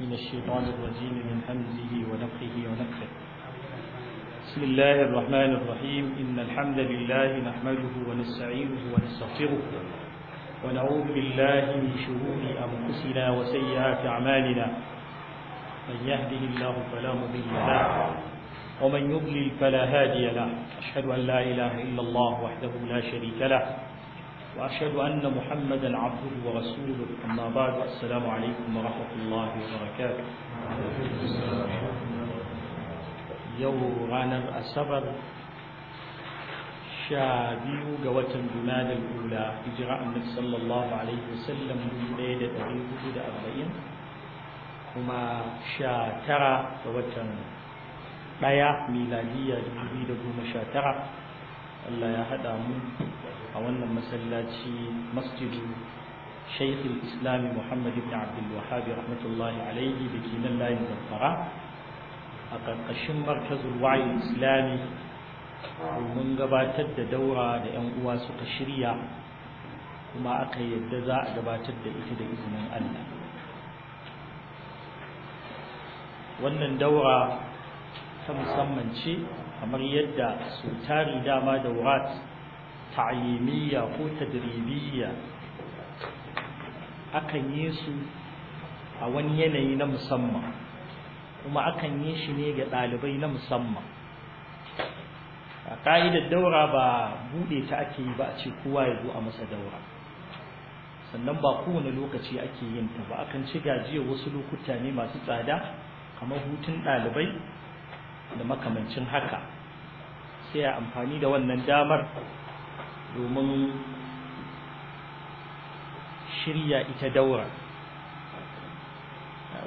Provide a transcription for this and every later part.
من الشيطان الرجيم من همزه ونفخه ونفخه بسم الله الرحمن الرحيم إن الحمد لله نحمده ونستعينه ونستغفره ونعوذ بالله من شرور أنفسنا وسيئات أعمالنا من يهده الله فلا مضل له ومن يضلل فلا هادي له أشهد أن لا إله إلا الله وحده لا شريك له وأشهد أن محمدا عبده ورسوله أما بعد السلام عليكم ورحمة الله وبركاته يوم رانا السبر شابيو قوة الجمال الأولى إجراء النبي صلى الله عليه وسلم من ليلة أبيه إلى أربعين كما شاترا قوة بيا ميلادية 2019 Allah ya haɗa mu a wannan masallaci masjidu shaikhul islami muhammad ibn abdul wahabi rahmatullahi alaihi da ke nan layin zamfara a ƙarƙashin markazin wayin islami domin gabatar da daura da 'yan uwa suka shirya kuma aka yadda za a gabatar da ita da izinin allah wannan daura ta musamman ce kamar yadda su tari dama da wurat ta'limiyya ko tadribiyya akan yi su a wani yanayi na musamman kuma akan yi shi ne ga ɗalibai na musamman a ka'idar daura ba bude ta ake yi ba a ce kowa ya zo a masa daura sannan ba kowane lokaci ake yin ta ba akan ci gajiyar wasu lokuta ne masu tsada kamar hutun ɗalibai da makamancin haka sai a amfani da wannan damar domin shirya ita daura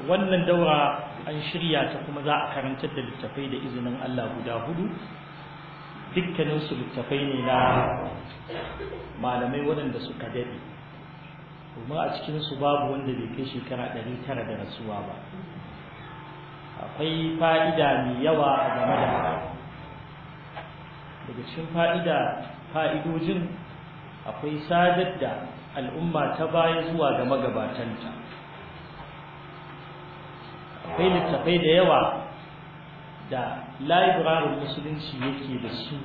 wannan daura an shirya ta kuma za a karantar da littafai da izinin Allah guda hudu dukkaninsu littafai ne na malamai waɗanda suka daɗe domin a cikinsu babu wanda bai kai shekara ɗari tara da rasuwa ba akwai fa'ida mai yawa a game da daga cikin fa'ida fa'idojin akwai sadar da al'umma ta baya zuwa ga magabatanta akwai littafai da yawa da laibirarin musulunci yake da su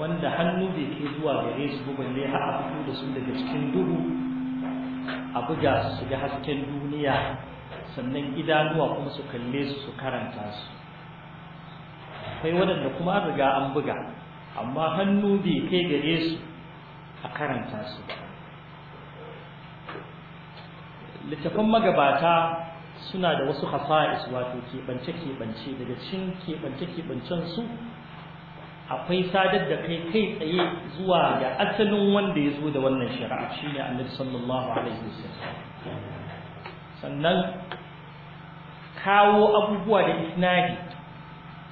wanda hannu da ke zuwa gare su balle har a fito da su daga cikin duhu a buga su shiga hasken duniya sannan idanuwa kuma su kalle su su karanta su akwai waɗanda kuma an riga an buga amma hannu bai kai gare su a karanta su ba magabata suna da wasu hafa'is wato keɓance-keɓance daga cikin keɓance-keɓancen su akwai sadar da kai kai tsaye zuwa ga asalin wanda ya zo da wannan shari'a shine annabi sallallahu alaihi wasallam sannan kawo abubuwa da isnadi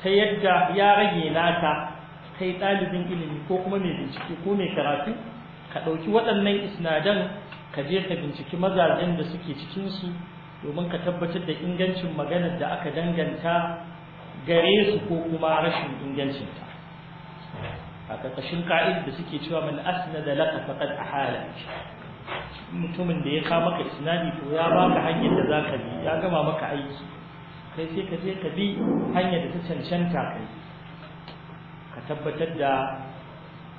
ta yadda ya rage nata, kai ɗalibin ilimi ko kuma mai bincike ko mai karatu ka ɗauki waɗannan isnadan ka je ka binciki mazajen da suke cikinsu domin ka tabbatar da ingancin maganar da aka danganta gare su ko kuma rashin ingancin ta. a ƙarƙashin ka'id da suke cewa man da laka faqad ahala mutumin da ya kama maka isnadi ko ya baka hanyar da za ka bi ya gama maka aiki kai sai ka je ka bi hanyar da ta cancanta kai ka tabbatar da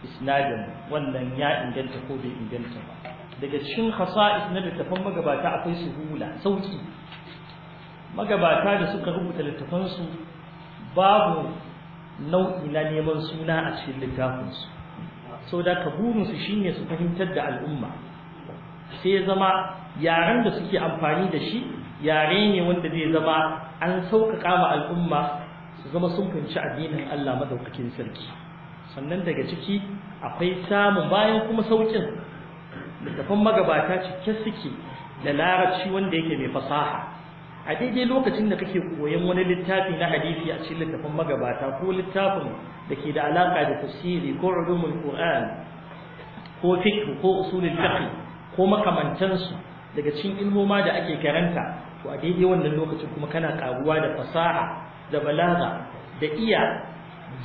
isnadin wannan ya inganta ko bai inganta ba daga cikin khasa'is na littafan magabata akwai su hula, sauki magabata da suka rubuta littafansu babu nau'i na neman suna a cikin littafinsu sau da ka burinsu shine su fahimtar da al'umma sai zama yaren da suke amfani da shi yare ne wanda zai zama an sauƙaƙa ma al'umma su zama sun fahimci addinin Allah madaukakin sarki sannan daga ciki akwai samun bayan kuma saukin, littafin magabata cike suke da larabci wanda yake mai fasaha a daidai lokacin da kake koyon wani littafi na hadisi a cikin littafin magabata ko littafin da ke da alaƙa da tafsiri ko ulumul qur'an ko fiqh ko usulul fiqh ko makamantansu daga cikin ilmoma da ake karanta to a daidai wannan lokacin kuma kana karuwa da fasaha da balaga da iya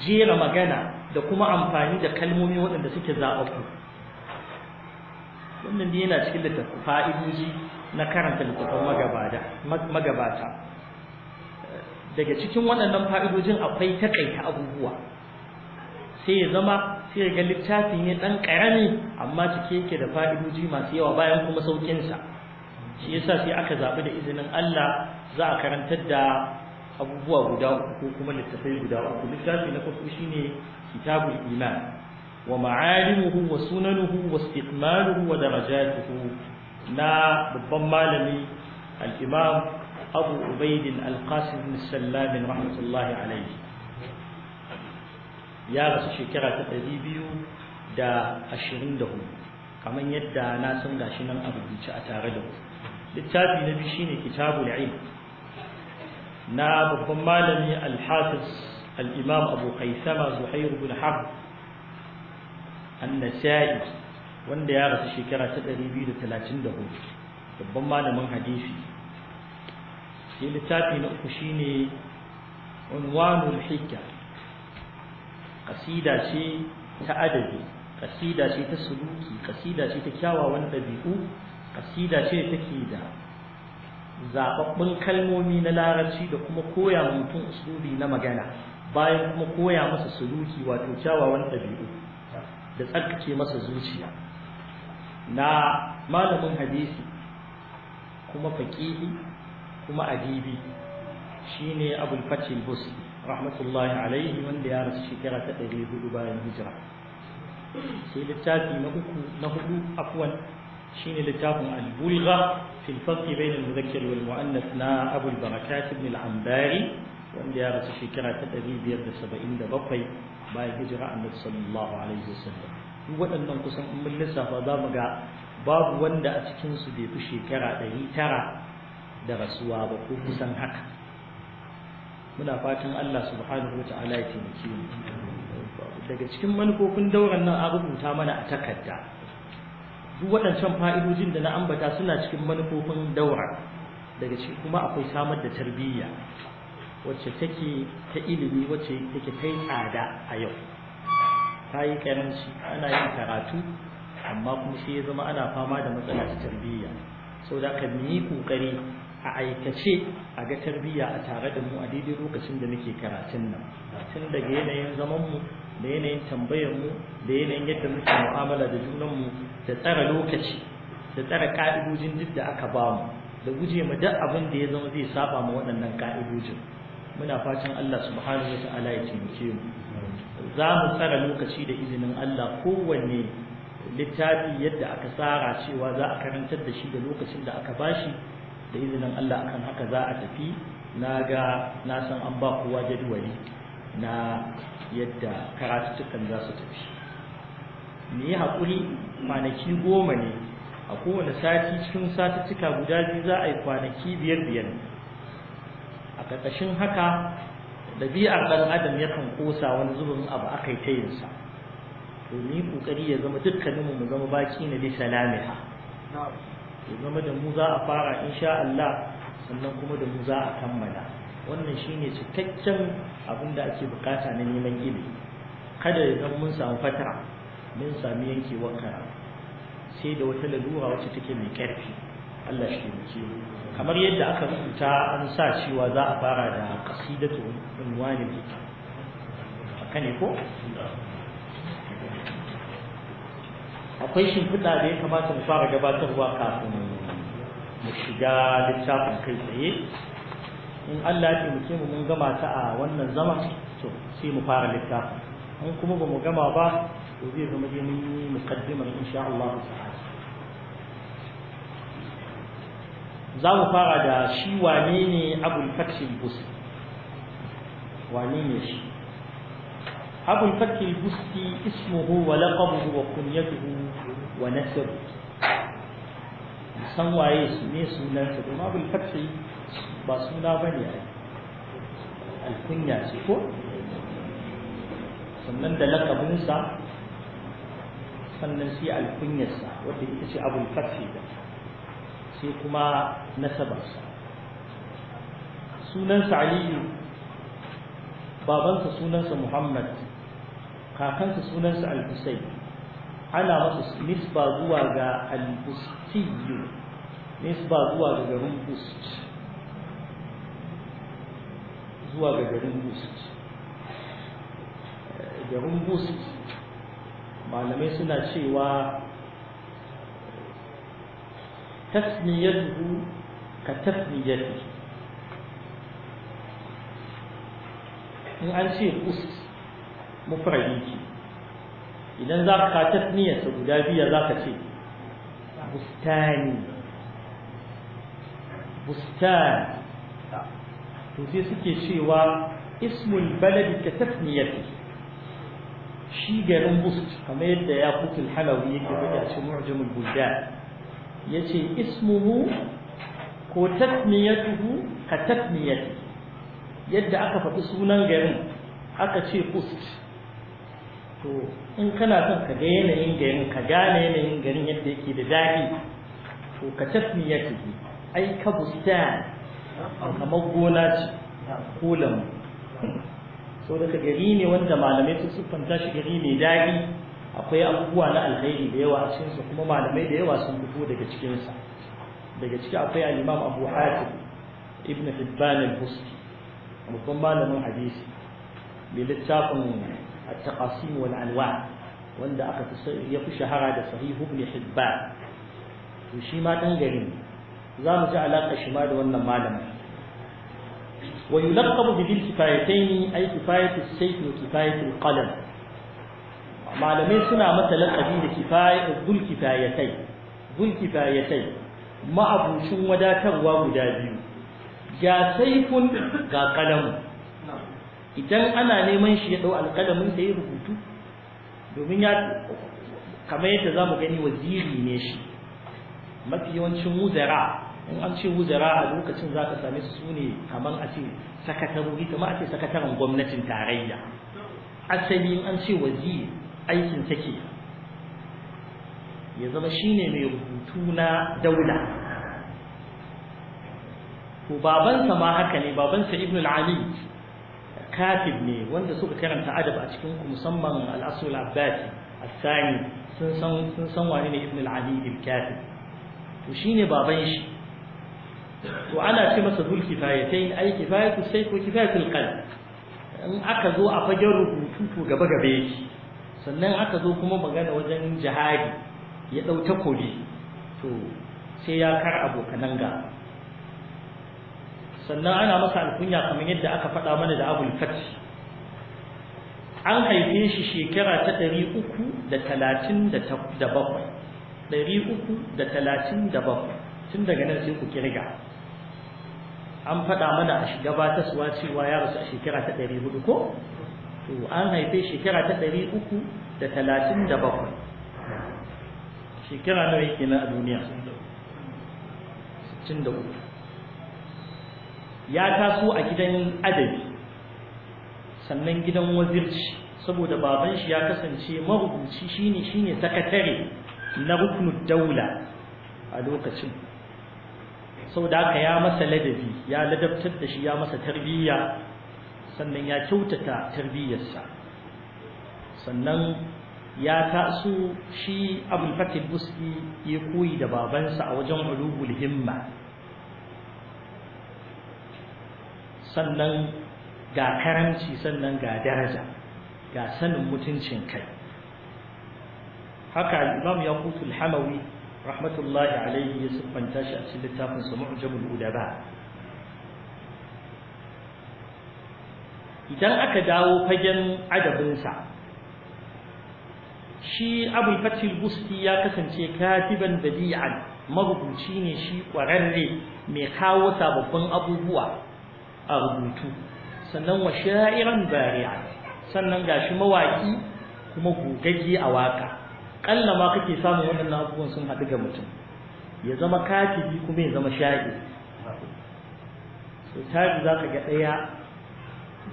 jera magana da kuma amfani da kalmomi waɗanda suke zaɓaɓɓu wannan dai yana cikin da fa'idoji na karanta littattafan magabata magabata daga cikin waɗannan fa'idojin akwai takaita abubuwa sai ya zama sai ya ga littafi ne ɗan ƙarami amma cike yake da fa'idoji masu yawa bayan kuma sauƙinsa shi yasa sai aka zaɓi da izinin Allah za a karantar da abubuwa guda uku ko kuma littafai guda uku littafi na farko shine kitabul iman wa ma'alimuhu wa sunanuhu wa istiqmaluhu wa darajatuhu na babban malami al-imam Abu ubaidin al-Qasim al-Sallam rahmatullahi alayhi ya rasu shekara ta hudu kamar yadda na san gashi nan a rubuce a tare da ku littafi na biyu shine kitabul ilm na babban malami al-hafiz al-imam abu qaisama zuhair ibn harb an-nasa'i wanda ya rasu shekara ta 234 babban malamin hadisi sai littafi na uku shine unwanul hikka Kasida ce ta adabi Kasida ce ta suluki Kasida ce ta kyawawan dabi'u ƙasida ce take da zaɓaɓɓun kalmomi na larabci da kuma koya mutum usulubi na magana bayan kuma koya masa suluki wato kyawawan ɗabi'u da tsarkake masa zuciya na malamin hadisi kuma faƙihi kuma adibi shine abul fatih busi rahmatullahi alaihi wanda ya rasu shekara ta ɗari hudu bayan hijira sai littafi na uku na hudu afwan shine littafin al-bulgha في الفرق بين المذكر والمؤنث نا أبو البركات بن العنباري وأن يارس في كرة أبي بيرد سبعين دبقي باي هجرة النبي صلى الله عليه وسلم وأن ننقص أم اللسة فضامقا باب وند أتكين سبيك شكرة دهي ترى درسوا وقوم سنحك muna fatan Allah subhanahu wa ta'ala ya taimake mu daga cikin manufofin dauran nan a rubuta mana a takarda duk waɗancan fa'idojin da na ambata suna cikin manufofin daura daga ciki kuma akwai samar da tarbiyya wacce take ta ilimi wacce take kai tsada a yau ta yi karanci ana yin karatu amma kuma sai ya zama ana fama da matsala ta tarbiyya sau da kan yi kokari a aikace a ga tarbiyya a tare da mu a daidai lokacin da muke karatun nan tun daga yanayin zamanmu da yanayin tambayarmu da yanayin yadda muke mu'amala da junanmu da tsara lokaci da tsara ka'idojin duk da aka ba mu da guje ma duk abin da ya zama zai saba ma waɗannan ka'idojin muna fatan Allah subhanahu wata'ala ya taimake mu za mu tsara lokaci da izinin Allah kowanne littafi yadda aka tsara cewa za a karantar da shi da lokacin da aka bashi da izinin Allah akan haka za a tafi na ga na san an ba kowa jadwali na yadda karatu za su tafi ni yi haƙuri kwanaki goma ne a kowane sati cikin satuttuka guda biyu za a yi kwanaki biyar biyar a ƙarƙashin haka ɗabi'ar ɗan adam yakan ƙosa wani zubin abu aka yi ta yinsa to ni ƙoƙari ya zama dukkaninmu mu zama baki na bisa Lamiha. ya zama da mu za a fara insha Allah sannan kuma da mu za a kammala wannan shine cikakken abin da ake bukata na neman ilimi kada ya zama mun samu fatara mun sami yankewar karatu sai da wata lalura wacce take mai ƙarfi Allah shi taimake kamar yadda aka rubuta an sa cewa za a fara da qasidatu unwani haka ne ko akwai shimfiɗa da ya kamata mu fara gabatarwa kafin mu shiga littafin kai tsaye in Allah ya taimake mu mun gama ta a wannan zama to sai mu fara littafin in kuma ba mu gama ba to zama dai mun yi muqaddimar insha za mu fara da shi wane ne abul fathil wane ne shi san waye su ne sunansa kuma abul ba suna ne. alkunya ce ko sannan da lakabinsa sannan sai alkunyarsa wadda ita ce abul fatih da sai kuma nasabarsa sunansa aliyu babansa sunansa muhammad kakansa sunansa al-husayn ana masa nisba zuwa ga al-husayyu nisba zuwa ga garin hust zuwa ga garin hust eh, garin hust malamai suna cewa tasmiyatuhu ka tasmiyatuhu in an ce us mufradi ki, idan za ka tasmiyarsa guda biya za ka ce bustani bustan to sai suke cewa ismul baladi ka tasmiyatuhu shi garin bust kamar yadda ya kutul halawi yake faɗi a cikin mu'jamul buldan yace ismuhu ko tasmiyatuhu ka tasmiyati yadda aka faɗi sunan garin aka ce bust to in kana son ka ga yanayin garin ka gane yanayin garin yadda yake da daɗi to ka tasmiyatihi ai ka bustan kamar gona ce ko lambu da daga gari ne wanda malamai sun siffanta shi gari mai daɗi akwai abubuwa na alkhairi da yawa a cikinsa kuma malamai da yawa sun fito daga cikinsa daga ciki akwai alimam imam abu hatim ibn hibban al-busti babban malamin hadisi mai littafin at-taqasim wal anwa wanda aka fi ya fi shahara da sahih ibn hibban to shi ma dan garin za mu ji alaka shi ma da wannan malamin ويلقب بذي الكفايتين أي كفاية السيف وكفاية القلم معلمين سنة مثلا قبيل كفاية ذو الكفايتين ذو الكفايتين ما أبو شن ودا جا سيف جا قلم idan ana neman shi ya dau alƙalamin sai rubutu domin ya kamar yadda zamu gani waziri ne shi mafi yawancin wuzara in an ce wuzara a lokacin za ka same su sune kamar a ce sakatarori kama a ce sakataren gwamnatin tarayya asali an ce wazi aikin take ya zama shine mai rubutu na daula to babansa ma haka ne babansa ibn al katib ne wanda suka karanta adab a cikin ku musamman al-asul abbasi al-sani sun san sun san wani ne ibn al-alid katib to shine baban shi to ana ce masa zul kifayatain ai kifayatu sai ko kifayatul qalb in aka zo a fagen rubutu to gaba gaba yake sannan aka zo kuma magana wajen jihadi ya dau kodi to sai ya kar abokanan ga sannan ana masa alkunya kamar yadda aka faɗa mana da abul fati an haife shi shekara ta ɗari uku da talatin da bakwai ɗari uku da talatin da bakwai tun daga nan sai ku kirga an faɗa mana a gabatarwa cewa ya rasu a shekara ta ɗari hudu ko to an haife shekara ta ɗari uku da talatin da bakwai shekara nawa yake nan a duniya sittin da uku ya taso a gidan adabi sannan gidan wazirci saboda baban shi ya kasance marubuci shine shine sakatare na ruknu daula a lokacin Sau daka ya masa ladabi ya ladabtar da shi ya masa tarbiyya sannan ya kyautata tarbiyyarsa sannan ya taso shi abin fatih buski ya koyi da babansa a wajen ulubul himma sannan ga karanci sannan ga daraja ga sanin mutuncin kai haka imam imam kutu alhamawi rahmatullahi alaihi ya siffanta shi a cikin littafin sa mu'jamul udaba idan aka dawo fagen adabinsa shi abul fatil busti ya kasance katiban badi'an marubuci ne shi kwararre mai kawo sababbin abubuwa a rubutu sannan wa sha'iran bari'a sannan gashi mawaki kuma gogagge a waka kalla ma kake samun wannan abubuwan sun haɗu ga mutum ya zama kafiri kuma ya zama sha'i so tari za ka ga ɗaya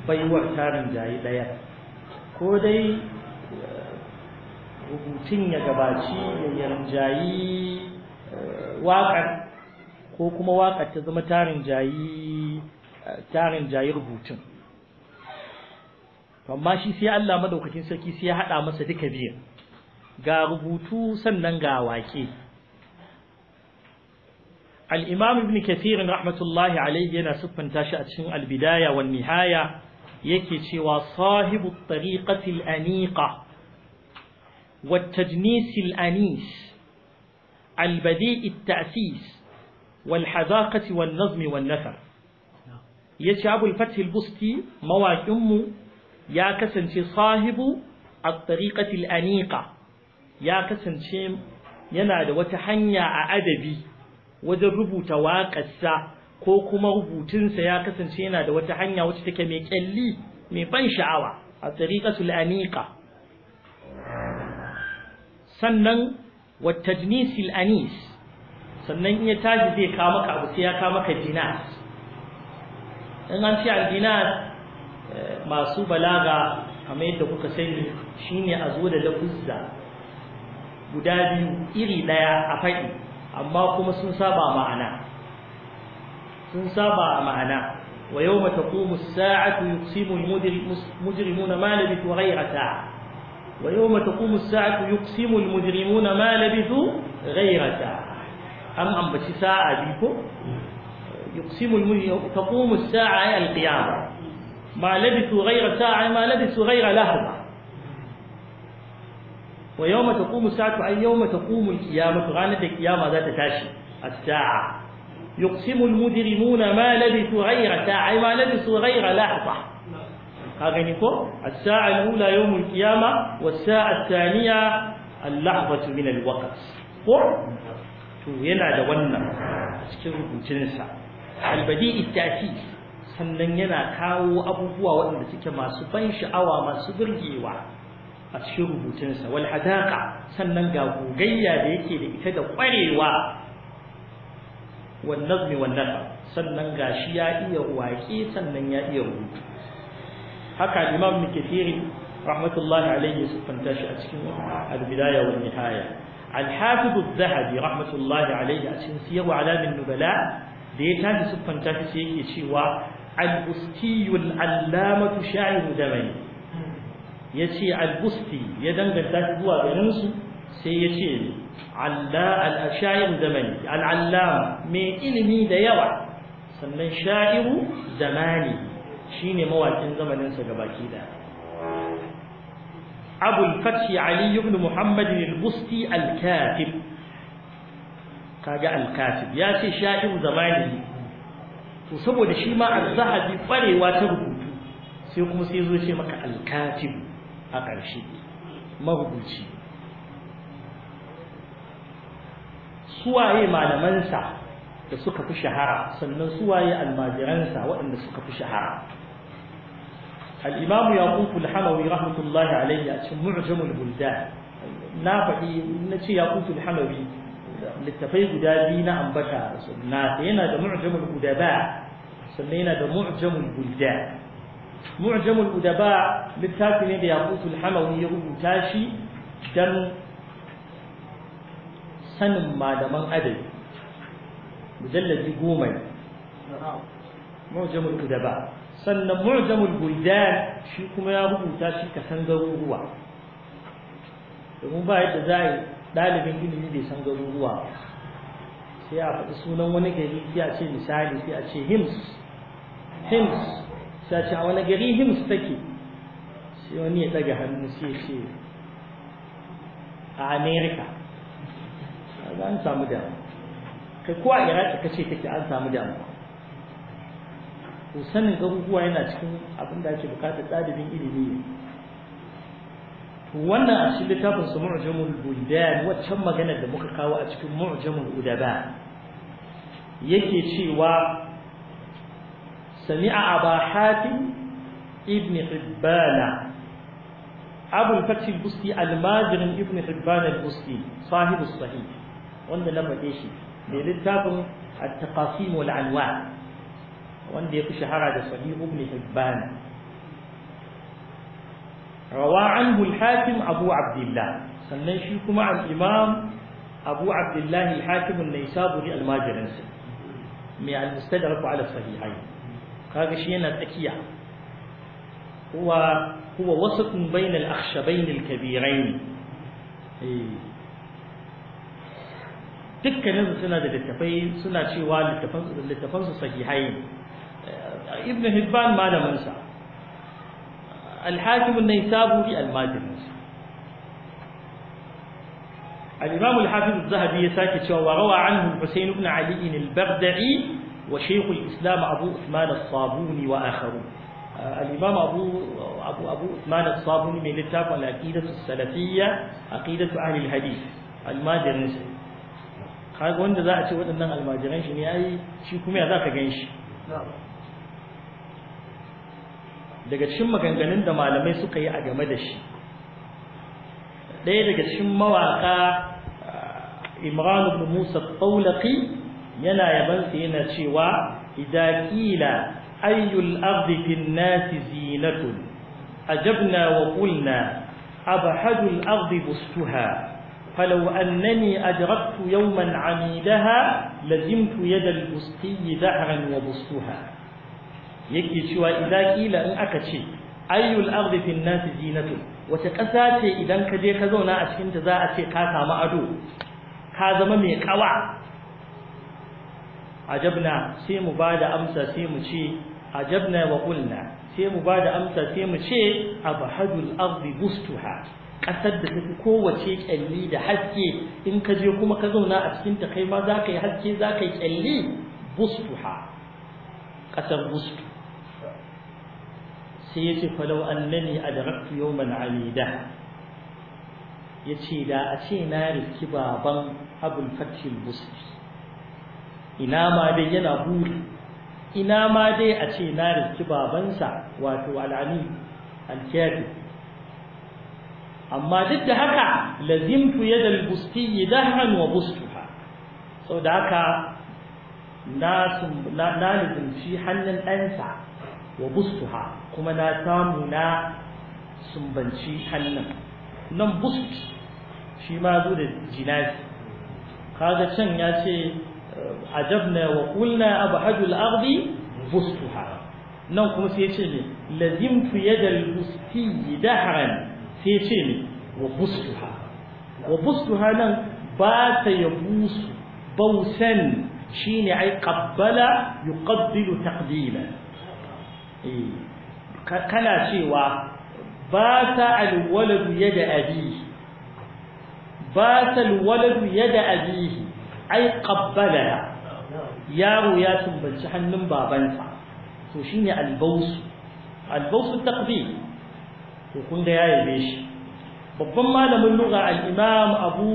baiwar tarin jayi ɗaya ko dai eh, rubutun ya gabaci ya jayi eh, waƙar ko kuma waƙar ta zama tarin jayi eh, tarin jayi rubutun amma shi sai Allah madaukakin sarki sai ya haɗa masa duka biyan ga rubutu sannan ga waƙe al'imam ibn kathirin rahmatullahi alaihi yana siffanta shi a cikin albidaya wa nihaya yake cewa sahibu tariqatil aniqa wa tajnisil anis albadi'i ta'sis wal hazaqati nazmi wan nasar yace abul fath al busti mawaƙinmu ya kasance sahibu at-tariqati aniqa ya kasance yana da wata hanya a adabi wajen rubuta waƙarsa ko kuma rubutunsa ya kasance yana da wata hanya wacce take mai kyalli mai ban sha'awa a tsariƙatul aniƙa sannan wattajnisil anis sannan iya tashi zai kama maka abu sai ya kama maka dinas in an ce al eh, masu balaga kamar yadda kuka sani shine a zo da lafuzza guda biyu iri daya a faɗi amma kuma sun saba ma'ana sun saba ma'ana wa yawma taqumu as sa'atu yuqsimu al mujrimuna ma labithu ghayra sa'a wa yawma taqumu as sa'atu yuqsimu al mujrimuna ma labithu ghayra sa'a am ambaci sa'a bi ko yuqsimu al-mujrimuna يقسم المجرم تقوم الساعة القيامة ما لبثوا غير ساعة ما لبثوا ghayra لحظة wa yawma taqumu sa'atu ay yawma taqumu al-qiyamatu ranar da kiyama za ta tashi as-sa'a yuqsimu al-mujrimuna ma labithu ghayra sa'a ma labithu ghayra lahza ka gani ko as-sa'a al-ula yawm al-qiyama was-sa'a ath-thaniya al-lahzatu min al-waqt ko to yana da wannan cikin sa. al-badi'i at-ta'ti sannan yana kawo abubuwa waɗanda suke masu ban sha'awa masu burgewa a cikin rubutunsa wal hadaka sannan ga gogayya da yake da ita da kwarewa wal nazmi wal nafa sannan ga shi ya iya waƙe sannan ya iya rubutu haka imam mikifiri rahmatullahi alaihi siffanta shi a cikin al-bidaya wal nihaya al-hafiz az-zahabi rahmatullahi alaihi a cikin siyar alamin nubala da ya tashi siffanta shi yake cewa al-ustiyul allamatu sha'iru damani ya ce ya danganta shi zuwa ganinsu sai ya ce al zamani al'allama mai ilimi da yawa sannan sha'iru zamani shine mawakin zamaninsa gabaki da abul fathi ali ibn muhammad al-busti al kaga al ya ce sha'iru zamani to saboda shi ma a zahabi barewa ta rubutu sai kuma sai zo ce maka al a ƙarshe marubuci suwaye malamansa da suka fi shahara sannan suwaye almajiransa waɗanda suka fi shahara al'imamu ya kuku alhamawi rahmatullahi alayhi a cikin mu'jamul bulda na faɗi na ce ya kuku alhamawi littafai guda biyu na ambata na yana da guda ba, sannan yana da mu'jamul bulda mu'jamul udaba littafi ne da yaqutul hamawi ya rubuta shi dan sanin malaman adabi mujalladi goma ne mu'jamul udaba sannan mu'jamul buldan shi kuma ya rubuta shi ka san garuruwa domin ba yadda za a yi ɗalibin ilimi bai san garuruwa sai a faɗi sunan wani gari sai a ce misali sai a ce hims hims sai ce a wani gari hims take sai wani ya daga hannu sai ce a amerika an samu damu kai ko a iraq ka ce take an samu damu to sanin garuruwa yana cikin abin da ake bukata ɗalibin ilimi ne. wannan a cikin littafin su mu'jamul buldan waccan magana da muka kawo a cikin mu'jamul udaba yake cewa sami'a aba hatim ibn hibbana abul fath al-busti al-majrin ibn hibbana al-busti wanda na bade shi da littafin at-taqasim wal alwan wanda yake shahara da sahih ibn hibbana rawa anhu al abu abdullah sannan shi kuma al-imam abu abdullah al-hatim an-naysaburi al-majrin mai al-mustadrak ala sahihayn kaga shi yana tsakiya huwa huwa wasatun bainal akhshabain al-kabirain dukkanin suna da littafai suna cewa littafan su littafan su sahihai ibn hibban malamin sa al-hakim an-naisaburi al-madini الإمام الحافظ الذهبي يساكت وروى عنه الحسين بن علي البغدعي وشيخ الإسلام أبو أثمان الصابوني وآخرون آه، الإمام أبو أبو أبو أثمان الصابوني من التابع العقيدة السلفية عقيدة أهل الحديث الماجرنسي خالق وانت ذا أتي وانت نغ الماجرنسي من أي شيء كمية ذا كجنش نعم. دقا شما كان قنن دم على ما يسوقي أجا مدش ليه شم شما وعقا آه، إمران بن موسى الطولقي yana yaban yana cewa idza kila ayyul ardi fil nas zinatun ajabna wa qulna abhadu al ardi bustuha falaw annani ajrabtu yawman ladimtu ya yada al busti dahran wa bustuha yake cewa idza kila in aka ce ayyul ardi fil nas zinatun wace kasa ce idan ka je ka zauna a cikin za a ce ka samu ado ka zama mai kawa ajabna sai mu ba da amsa sai mu ce ajabna wa qulna sai mu ba da amsa sai mu ce abhadul ardi bustuha kasar da tafi kowace ƙyalli da haske in ka je kuma ka zauna a cikin ta kai ma za ka yi haske za ka yi kyalli bustuha ƙasar bustu sai ya ce falau annani adraktu yawman alida ya ce da a ce na riski baban abul fatil busti ina ma dai yana buri ina ma dai a ce na rinci babansa wato al'ani alkiyar amma duk da haka lazimtu yadal ya dahan wa bustuha sau da haka na nufinci hannun ɗansa wa bustuha kuma na samu na sumbanci hannun nan bust shi ma zo da jinazi kaga can ya ce ajabna wa qulna abhajul ardi bustuha nan kuma sai ce ne lazimtu yadal busti dahran sai ce ne wa bustuha wa bustuha nan ba ta yabusu bausan shine ai qabbala yuqabbilu taqdiman eh, kana cewa ba ta alwaladu yada abi ba ta alwaladu yada abihi ai qabbala yaro ya tumbanci hannun babansa to ne albausu albausu taqbil to kun ga ya yabe shi babban malamin lura al-imam abu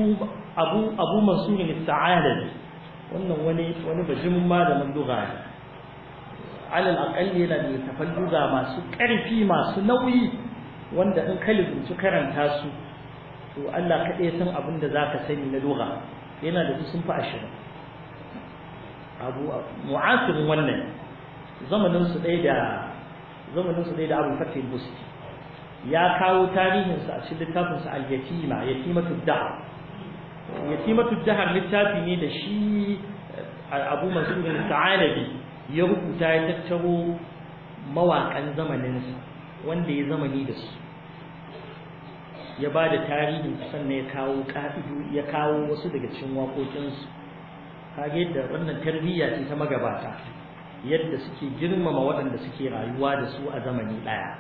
abu abu mansur wannan wani wani bajimin malamin lugha ne alal yana da tafan masu ƙarfi masu nauyi wanda in ka karanta su to Allah kaɗai san abin da za ka sani na lura. yana da sun fi ashirin abu mu'asirin wannan zamanin su ɗaya da zamanin ɗaya da abu fatih busti ya kawo tarihinsa a cikin littafinsa al-yatima yatimatu da'a yatimatu jahar littafi ne da shi eh, abu masudin ta'alabi ya rubuta ya tattaro mawaƙan zamaninsa wanda ya zamani da su ya ba da tarihin sannan ya kawo ka'idu ya kawo wasu daga cikin waƙoƙinsu kage yadda wannan tarbiyya ce ta magabata yadda suke girmama waɗanda suke rayuwa da su a zamani ɗaya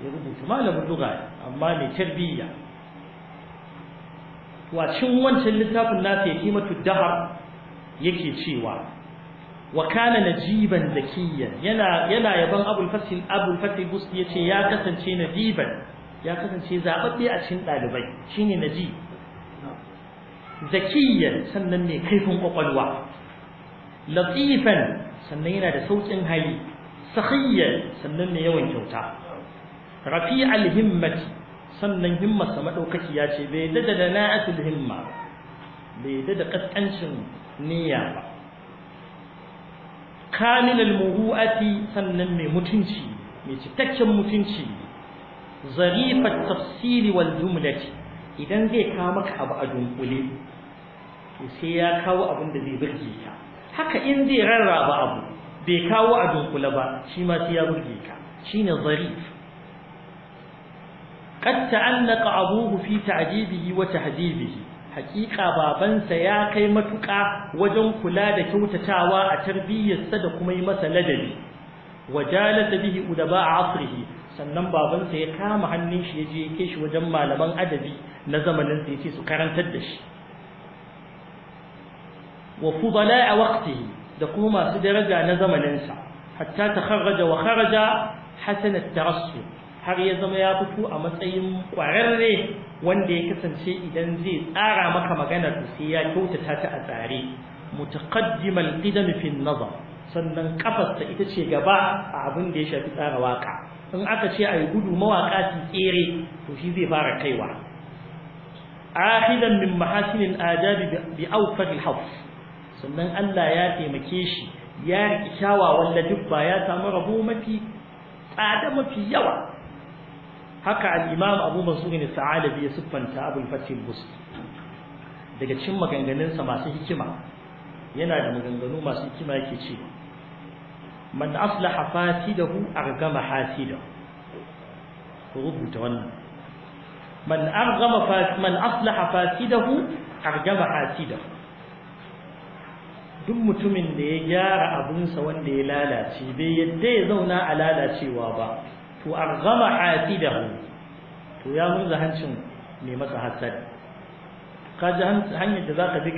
ya rubuta malamin lugha amma mai tarbiyya wacin wancan littafin nasa ya kimatu dahar yake cewa wa kana najiban zakiyyan yana yana yaban abul fasil abul fasil yace ya kasance najiban ya kasance zaɓaɓɓe a cikin ɗalibai shine naji zakiyyar sannan ne kaifin ƙwaƙwalwa. latifan sannan yana da sauƙin hali sahiyyar sannan mai yawan kyauta rafi alhimmati sannan himmarsa maɗaukaki ya ce bai dada da na'atul himma bai dada ƙasƙancin niyya ba kamilal muhuafi sannan mai mutunci mai cikakken mutunci Zarifar tafsili wal jumlati idan zai kawo maka abu a dunkule to ya kawo abin da zai burge ka haka in zai rarraba abu bai kawo a dunkule ba shi ma sai ya burge ka shine zarif qad ta'allaqa a fi ta'jibihi wa tahdibihi hakika babansa ya kai matuƙa wajen kula da kyautatawa a tarbiyyarsa da kuma yi masa ladabi wajalata bihi udaba asrihi sannan babansa ya kama hannun shi ya je ya shi wajen malaman adabi na zamanin sa yace su karantar da shi wa fudala a waqtihi da kuma masu daraja na zamanin sa hatta takharraja wa kharaja hasan at-tarassu har ya zama ya fito a matsayin kwararre wanda ya kasance idan zai tsara maka magana to sai ya kyautata ta a tsare mutaqaddimal qidam fi an-nazar sannan kafarsa ita ce gaba a abin da ya shafi tsara waka in aka ce ayi gudu mawaƙa su tsere to shi zai fara kaiwa akhidan min mahasinin adabi bi awfad al sannan Allah ya taimake shi ya riki kyawawan ladubba ya samu rabo mafi tsada mafi yawa haka Al'imam Abu Mansur ne Sa'alabi ya siffanta Abu Fatih daga cikin maganganunsa masu hikima yana da maganganu masu hikima yake cewa man aslaha fasidahu argama hasidahu ku rubuta wannan man argama man aslaha fasidahu argama hasidahu duk mutumin da ya gyara abunsa wanda ya lalace bai yadda ya zauna a lalacewa ba to argama hasidahu to ya murza hancin mai masa hasada ka ji hanyar da za ka bi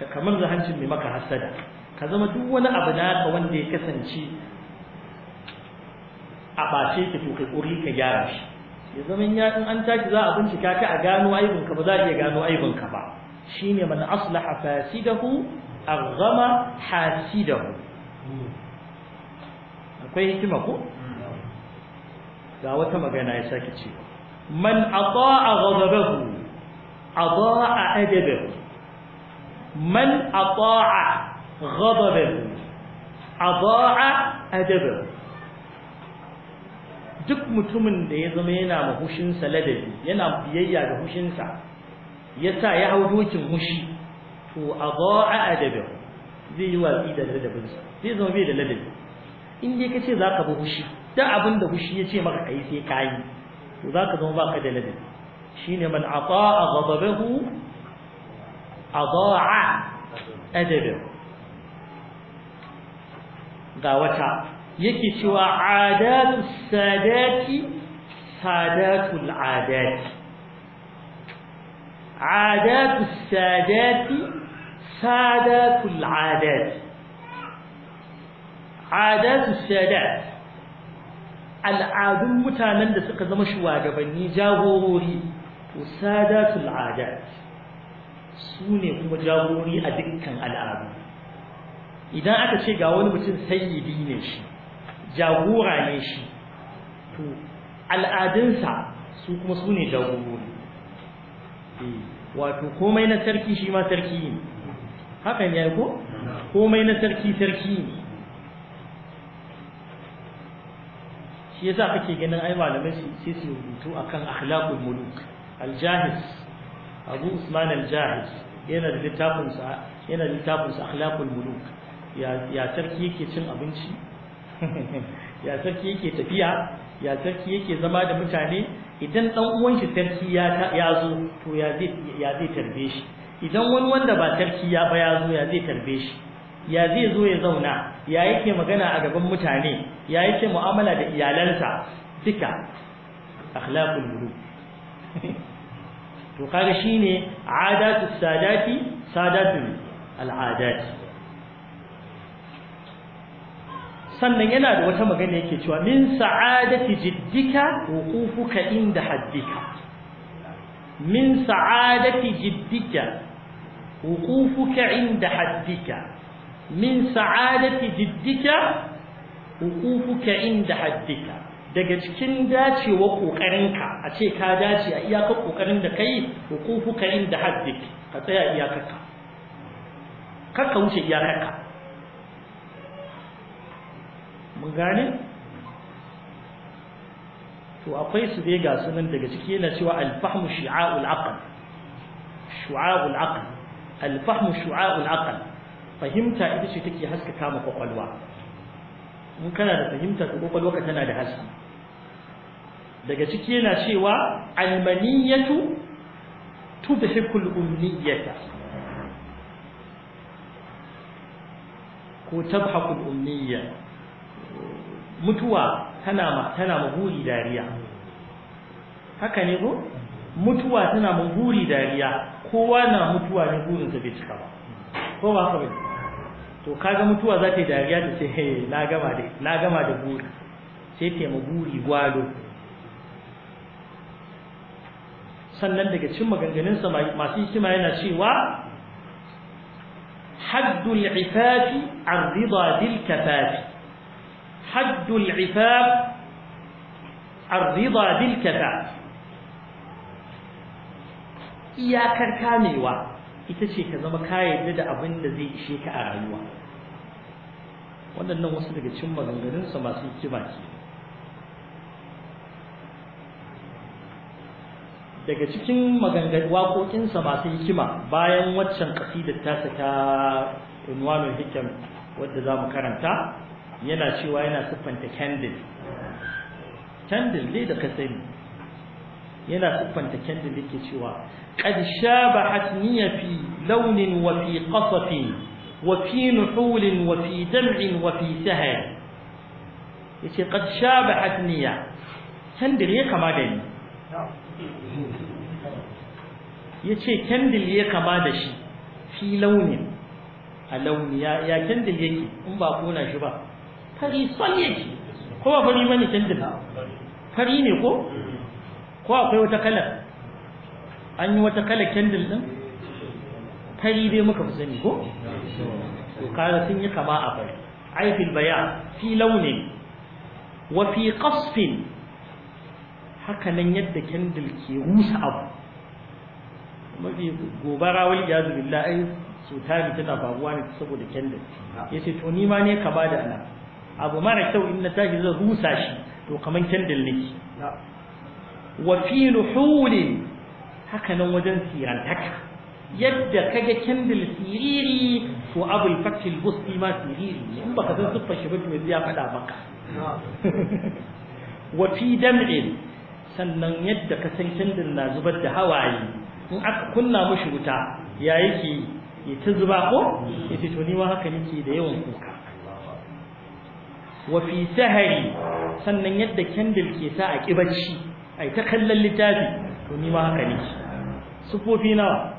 ka kamar da hancin mai maka hasada ka zama duk wani abu naka wanda ya kasance a ɓace ki to kai ka gyara shi ya zama ya in an tashi za a bincika ka a gano aibinka ba za a iya gano aibin aibinka ba shine man aslaha fasidahu arghama hasidahu akwai hikima ko ga wata magana ya saki ce man ata'a ghadabahu ata'a adabahu man ata'a غضبه أضاع أدبه duk mutumin da ya zama yana ma hushinsa ladabi yana biyayya da hushinsa ya sa ya hau dokin hushi to a za'a adabin zai yi watsi da ladabinsa zai zama bai da ladabi in dai ka ce za ka bi hushi da abin da hushi ya ce maka kai sai ka yi to za ka zama ba ka da ladabi shi ne man a za'a gababahu a za'a adabin غاوتا يكي سوى عادات السادات سادات العادات عادات السادات سادات العادات عادات السادات العاد المتامل لسقط مش واجب جاهوري وسادات العادات سوني كما جاهوري أدكا العادات idan aka ce ga wani mutum sayyidi ne shi jagora ne shi to al'adunsa su kuma su ne jagorori eh, wato komai na sarki shi ma sarki ne hakan ya yi ko komai na sarki sarki ne shi yasa kake ganin ai malamai su, sai su rubutu akan akhlaqul muluk al-jahiz abu usman al-jahiz yana da littafin sa yana littafin sa akhlaqul muluk ya sarki yake cin abinci ya sarki yake tafiya ya sarki yake zama da mutane idan dan uwan shi sarki ya zo to ya zai ya zai tarbe shi idan wani wanda ba sarki ya ba ya zo ya zai tarbe shi ya zai zo ya zauna ya yake magana a gaban mutane ya yake mu'amala da iyalansa duka akhlaqul muluk to kaga shine adatu sadati sadatu al'adati sannan yana da wata magana yake cewa min sa'adati jiddika wuqufuka inda haddika min sa'adati jiddika wuqufuka inda haddika min sa'adati jiddika wuqufuka inda haddika daga cikin dacewa kokarinka a ce ka dace a iyakar kokarin da kai wuqufuka inda haddika ka tsaya iyakarka ka wuce iyakarka mun gane to akwai su dai ga sunan daga ciki yana cewa alfahmu shi'a'ul aql shu'a'ul aql shu'a'ul aql fahimta ita ce take haska kama kwakwalwa in kana da fahimta to kwakwalwaka tana da haske daga ciki yana cewa al-maniyatu tubhikul umniyata ko tabhakul umniyata mutuwa tana ma tana mahuri dariya haka ne ko mutuwa tana mahuri dariya kowa na mutuwa ne sa bai cika ba ko ba haka ba to kaga mutuwa za ta yi dariya ta ce he na gama da na gama da buri sai ta mu buri gwalo sannan daga cin maganganun sa masu hikima yana cewa haddul ifafi an rida bil kafafi حد العفاف الرضا بالكفاء iyakar kamewa ita ce ka zama ka da abin da zai ishe ka a rayuwa waɗannan wasu daga cikin maganganunsa masu hikima ke daga cikin maganganun waƙoƙinsa masu hikima bayan waccan ƙasidar tasa ta unwanul hikam wadda za mu karanta yana cewa yana siffanta candle candle dai da ka sani yana siffanta candle yake cewa qad shabahat fi launin wa fi qasafin wa fi nuhulin wa fi dam'in wa fi sahal yace qad shabahat niyya candle ya kama da ni yace candle ya kama da shi fi launin a launi ya candle yake in ba kona shi ba fari son yake ko ba fari bane tindin fari ne ko ko akwai wata kalar an yi wata kalar kendil din fari dai muka fi sani ko to kaga sun yi kama a fari Aifin baya fi launin wa fi qasfin haka nan yadda kendil ke rusa abu mafi gobara wal yazu billahi su tari tana faruwa ne saboda kendil yace to ni ma ne ka bada ana abu mara kyau in na tashi zan rusa shi to kaman kyandil nake wa fi luhulin haka nan wajen sirantaka yadda kaga kyandil siriri to abul fatil busti ma siriri in baka san siffar shi ba me ya faɗa maka wa fi dam'in sannan yadda ka san kyandil na zubar da hawaye in aka kunna mushi wuta ya yake ya ta zuba ko ya to ni ma haka nake da yawan kuka wa fi sahari sannan yadda candle ke sa a kibacci ai ta kallon littafi to ni ma haka nake sufofi nawa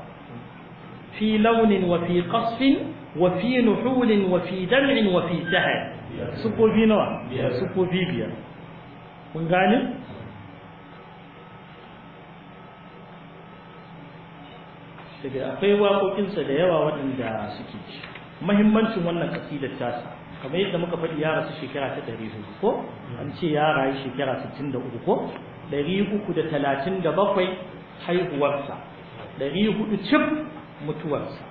fi launin wa fi qasfin wa fi nuhulin wa fi dam'in wa fi sahar sufofi nawa sufofi biyar kun gane daga akwai waƙoƙinsa da yawa waɗanda suke mahimmancin wannan kasidar tasa kamar yadda muka faɗi ya rasu shekara ta ɗari hudu ko an ce ya rayu shekara sittin da uku ko ɗari uku da talatin da bakwai haihuwarsa ɗari hudu cif mutuwarsa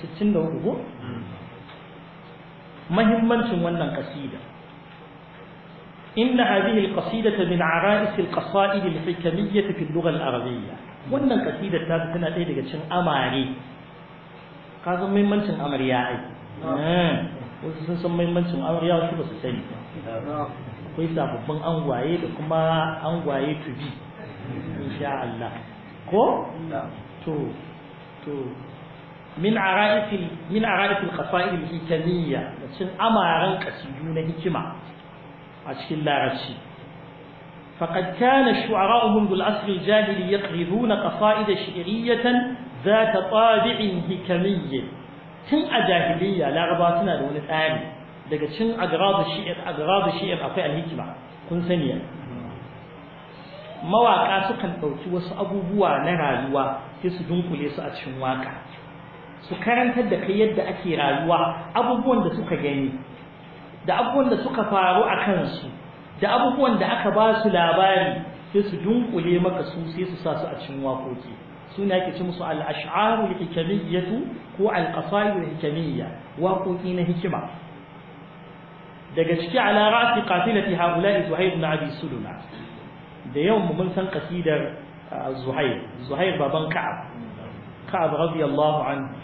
sittin da uku ko mahimmancin wannan kasida إن هذه القصيدة من عرائس القصائد الحكمية في اللغة العربية wannan kasidar ta tana ɗaya daga cin amare ka san muhimmancin amarya ai ah. eh. wasu sun san maimancin aure ya wasu ba su sani akwai sababbin angwaye da kuma angwaye to be insha Allah ko to to min ara'ifil min ara'ifil qasa'id hikamiyya cin amaran kasidu na hikima a cikin larabci فقد كان شعراؤهم بالعصر الجاهلي يقربون قصائد شعرية ذات طابع هكمي tun a jahiliya laraba suna da wani tsari daga cin agradu shi'ir agradu shi'ir akwai alhikima kun sani mawaka sukan ɗauki wasu abubuwa na rayuwa sai su dunkule su a cikin waka su karantar da kai yadda ake rayuwa abubuwan da suka gani da abubuwan da suka faru a kansu da abubuwan da aka ba su labari sai su dunkule maka su sai su sa su a cikin wakoki suna ake ce musu al-ash'arul hikamiyyatu ko al-qasaidul hikamiyya waƙoƙi na hikima daga ciki ala ra'si qatilati haula'i zuhair ibn abi suluna da yawan mun san kasidar ah, zuhair zuhair baban ka'ab ka'ab radiyallahu anhu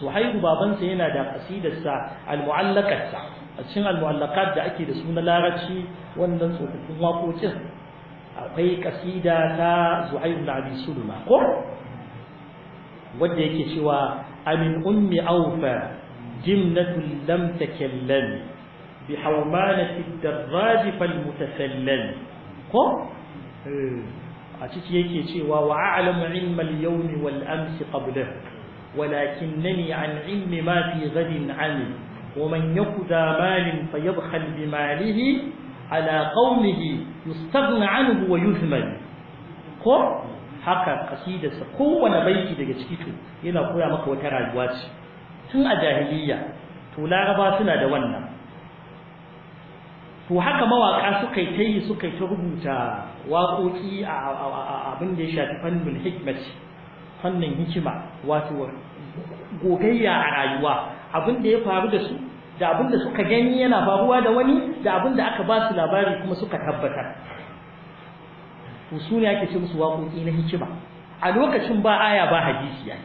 zuhair babansa yana da ƙasidarsa al a cikin al da ake da su na larabci wannan tsofaffin waƙoƙin akwai ƙasida ta zuhair ibn abi suluna ko wanda yake cewa amin ummi aufa jimnatun lam takallami bi hawmanati darraj fal mutasallal ko a ciki yake cewa wa a'lamu ilma al-yawm wal ams qablahu walakinni an ilmi ma fi ghadin alim ومن يقدى مال فيبخل بماله على قومه يستغنى عنه ويثمن ko haka kasidarsa kowane baiti daga ciki to yana koya maka wata rayuwa ce tun a jahiliya to laraba suna da wannan to haka mawaka suka ta yi suka ta rubuta waƙoƙi a abin da ya shafi fannin fannin hikima wato gogayya a rayuwa abin da ya faru da su da abin da suka gani yana faruwa da wani da abin da aka ba su labari kuma suka tabbatar to su ne ake ce musu waƙoƙi na hikima a lokacin ba aya ba hadisi yayi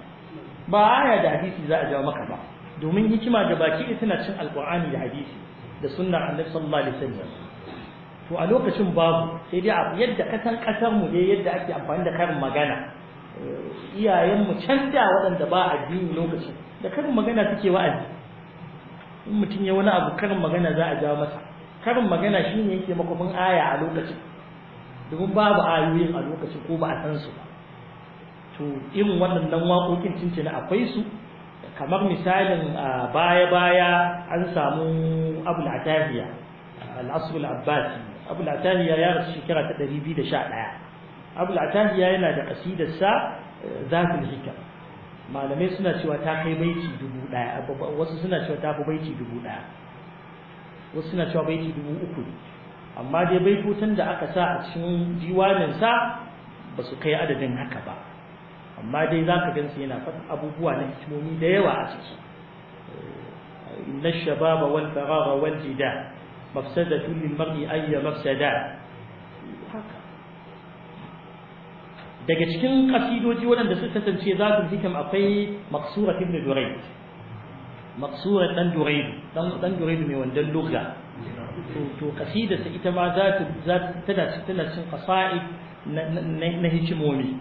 ba aya da hadisi za a jawo maka ba domin hikima da baki ita tana cin alƙur'ani da hadisi da sunnar annabi sallallahu alaihi wasallam to a lokacin babu sai dai yadda kasan kasar mu ne yadda ake amfani da karin magana iyayen mu canja waɗanda ba a addini lokacin da karin magana suke wa'azi in mutum ya wani abu karin magana za a jawo masa karin magana shine yake makwafin aya a lokacin domin babu ayoyin a lokacin ko ba a san su ba to irin waɗannan waƙoƙin cincin akwai su kamar misalin baya-baya an samu abul atahiya al'asul abbasi abul atahiya ya rasu shekara ta 211 abul atahiya yana da kasidarsa eh, zafin hikam malamai suna cewa ta kai baiti dubu daya wasu suna cewa ta fi baiti dubu daya wasu suna cewa baiti dubu uku amma dai baitocin da aka sa a cikin diwaninsa ba su kai adadin haka ba amma dai za ka gansu yana faɗin abubuwa na hikimomi da yawa a ciki eh, inna shababa wal faragha wal jida mafsadatu lil mar'i ayya mafsada haka daga cikin kasidoji wadanda suka kasance za su hikam akwai maqsurat ibn durayd maqsurat dan durayd dan dan durayd mai wandan lugha to kasidarsa ita ma za ta tana cin kasa'id na hikimomi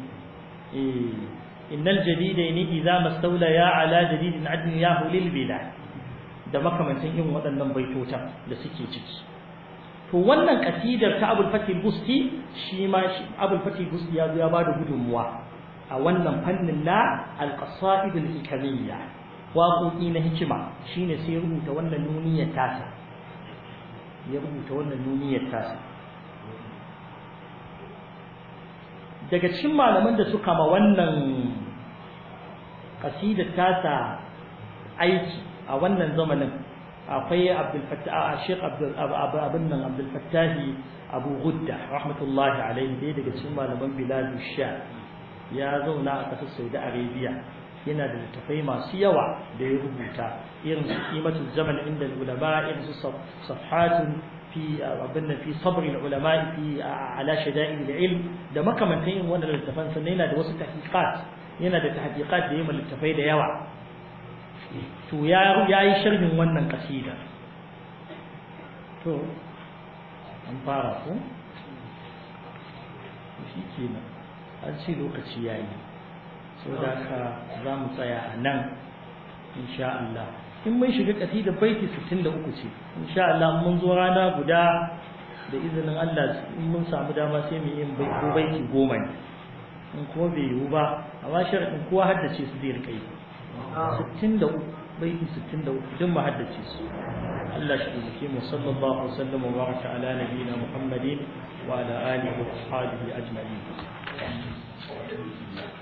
إن الجديدين إذا ما استوليا ya جديد عدنياه للبلاد da makamancin yin waɗannan baitotan da suke ciki to wannan kasidar ta Abul Fatih Busti shi ma shi Abul Fatih Busti ya zo ya bada gudunmuwa a wannan fannin na al-qasaid al-hikamiyya waƙoƙi na hikima shine sai rubuta wannan nuniyar tasa ya rubuta wannan duniyar tasa daga cikin malaman da suka ma wannan kasidar tasa aiki a wannan zamanin akwai Sheikh abin nan Abdulfattahi Abu Gudda rahmatullahi alaihi daga cikin malaman Bilal Sha ya zauna a ƙasar Saudi Arabia yana da littafai masu yawa da ya rubuta irin su qimatul zaman inda ulama irin su safhatun fi abin nan fi sabri ulama fi ala shada'il ilm da makamantan yin wannan littafan sannan yana da wasu tahqiqat yana da tahqiqat da yawa littafai da yawa to ya yayi sharhin wannan kasida to an fara ko shi kenan an ce lokaci yayi so da haka za mu tsaya a nan insha Allah in mun shiga kasida baiti 63 ce insha Allah mun zo rana guda da izinin Allah in mun samu dama sai mu yin baiti goma ne in kuma bai yiwu ba a ba sharadin kowa haddace su zai rika yi 63 baiti 63 duk mu haddace su Allah shi zuke mu sallallahu wasallam wa baraka ala nabiyina Muhammadin wa ala alihi wa ashabihi ajma'in